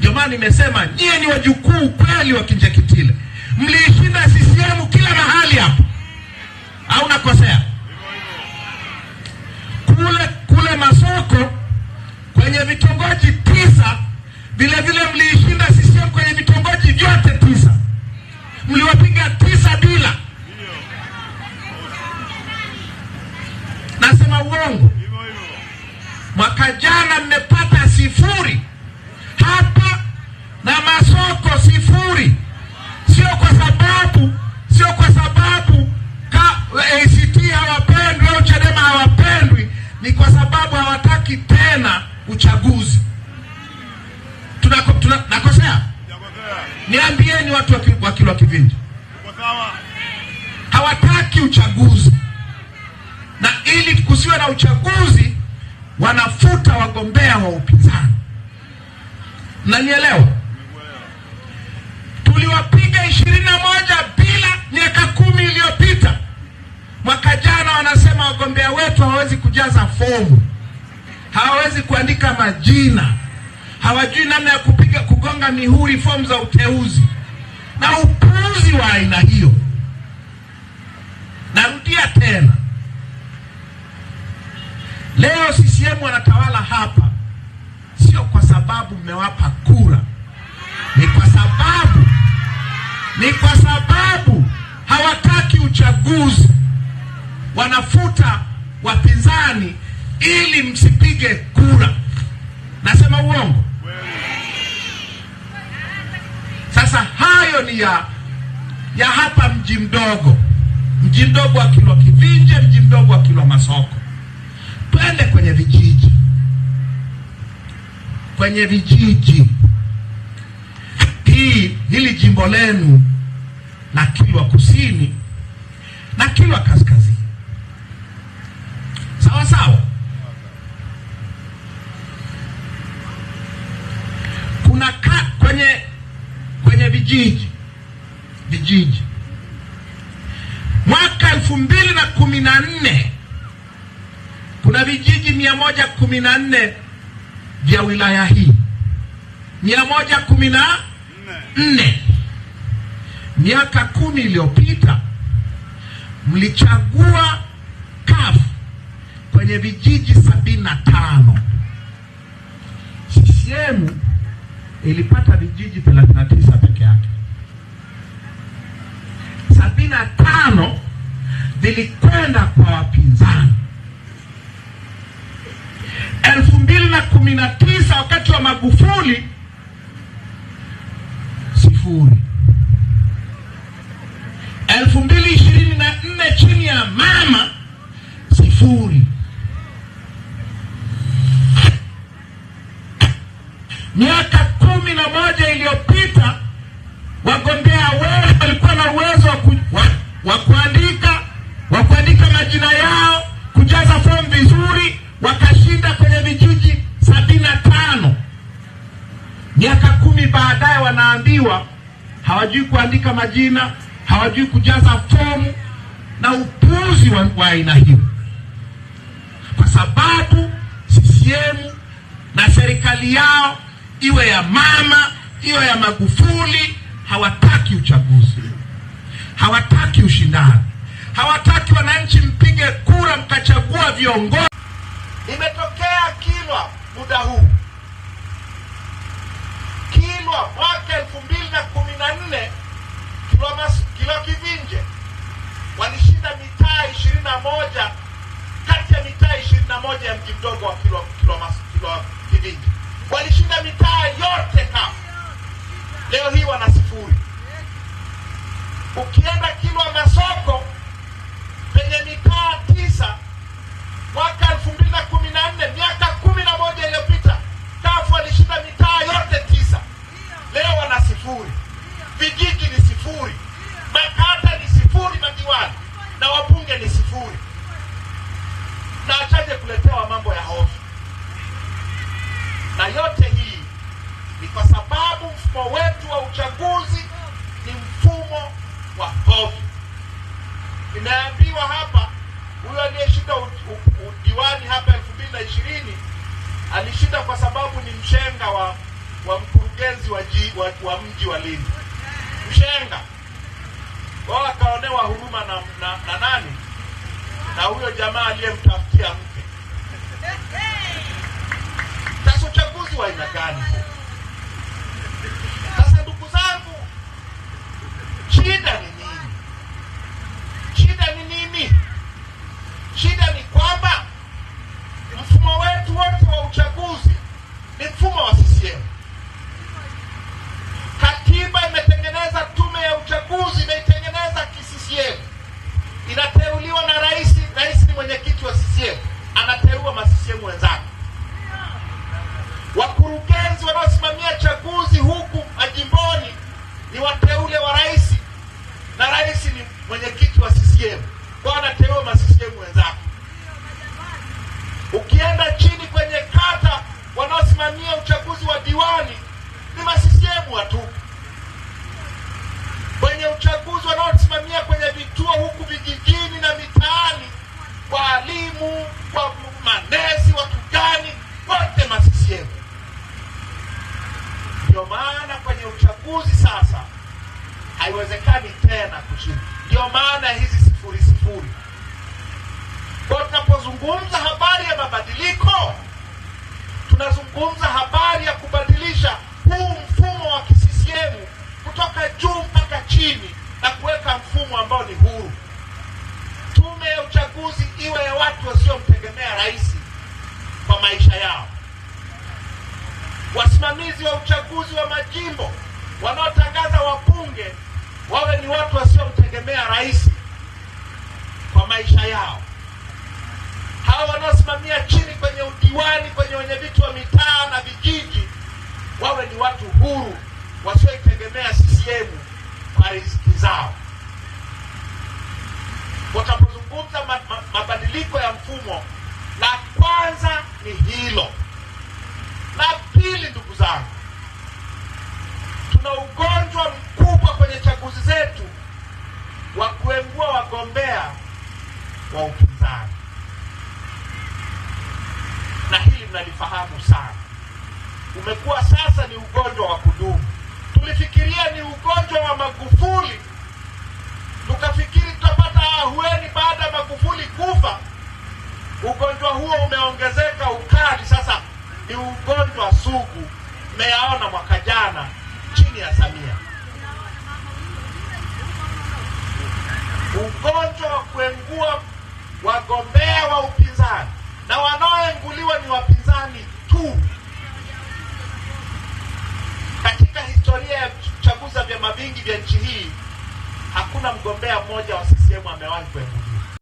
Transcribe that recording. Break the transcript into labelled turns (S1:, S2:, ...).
S1: Ndio maana nimesema nyie ni wajukuu kweli wa Kinjekitile, mliishinda CCM kila mahali hapo, au nakosea? Kule kule Masoko kwenye vitongoji tisa vile vile mliishinda CCM kwenye vitongoji vyote tisa, mliwapiga tisa bila uchaguzi. Tunako, tuna, nakosea? Niambieni watu wa Kilwa Kivinje hawataki uchaguzi, na ili kusiwe na uchaguzi wanafuta wagombea wa upinzani. nanielewa Tuliwapiga ishirini na moja bila miaka kumi iliyopita. Mwaka jana wanasema wagombea wetu hawawezi kujaza fomu hawawezi kuandika majina, hawajui namna ya kupiga kugonga mihuri fomu za uteuzi na upuuzi wa aina hiyo. Narudia tena, leo CCM wanatawala hapa sio kwa sababu mmewapa kura, ni kwa sababu ni kwa sababu hawataki uchaguzi, wanafuta wapinzani ili msipige kura. Nasema uongo? Sasa hayo ni ya ya hapa mji mdogo, mji mdogo wa Kilwa Kivinje, mji mdogo wa Kilwa Masoko. Twende kwenye vijiji, kwenye vijiji hii, hili jimbo lenu na Kilwa Kusini na Kilwa Kaskazini, sawa sawa. vijiji vijiji. Mwaka elfu mbili na kumi na nne kuna vijiji mia moja kumi na nne vya wilaya hii, mia moja kumi na nne. Miaka kumi iliyopita mlichagua kafu kwenye vijiji sabini na tano CCM ilipata vijiji 39 peke yake, 75 vilikwenda kwa wapinzani. elfu mbili na kumi na tisa wakati wa Magufuli sifuri. kutembea. Wewe walikuwa na uwezo wa kuandika wa kuandika majina yao, kujaza fomu vizuri, wakashinda kwenye vijiji sabini na tano. Miaka kumi baadaye wanaambiwa hawajui kuandika majina, hawajui kujaza fomu na upuzi wa aina hiyo, kwa sababu CCM na serikali yao iwe ya mama iwe ya Magufuli hawataki uchaguzi, hawataki ushindani, hawataki wananchi mpige kura mkachagua viongozi. Imetokea Kilwa muda huu, Kilwa mwaka elfu mbili na kumi na nne Kilwa Kivinje walishinda mitaa ishirini na moja kati ya mitaa ishirini na moja ya mji mdogo wa Kilwa Kivinje, walishinda mitaa yote leo hii wana sifuri. Ukienda Kilwa Maswa inaambiwa hapa huyo aliyeshinda udiwani hapa elfu mbili na ishirini alishinda kwa sababu ni mshenga wa, wa mkurugenzi wa, ji, wa, wa mji wa Lindi, mshenga wao, akaonewa huruma na, na, na nani na huyo jamaa aliyemtafutia mke. Sasa uchaguzi wa aina gani? Sasa ndugu zangu, shida ni kuzungumza habari ya kubadilisha huu mfumo wa kisisiemu kutoka juu mpaka chini na kuweka mfumo ambao ni huru. Tume ya uchaguzi iwe ya watu wasiomtegemea rais kwa maisha yao. Wasimamizi wa uchaguzi wa majimbo wanaotangaza wabunge wawe ni watu wasiomtegemea rais kwa maisha yao hawa wanaosimamia chini kwenye udiwani, kwenye wenyeviti wa mitaa na vijiji, wawe ni watu huru wasioitegemea CCM kwa riziki zao. watapozungumza ma, ma, mabadiliko ya mfumo, la kwanza ni hilo. La pili, ndugu zangu, tuna ugonjwa mkubwa kwenye chaguzi zetu wa kuengua wagombea wa upinzani. mnalifahamu sana, umekuwa sasa ni ugonjwa wa kudumu. Tulifikiria ni ugonjwa wa Magufuli, tukafikiri tutapata ahueni baada ya Magufuli kufa. Ugonjwa huo umeongezeka ukali, sasa ni ugonjwa sugu. Mmeyaona mwaka jana chini ya Samia, ugonjwa wa kuengua wagombea wa upinzani na wanaoenguliwa ni wapinzani mkuu katika historia ya kuchaguza vyama vingi vya nchi hii, hakuna mgombea mmoja wa CCM amewahi kuepuka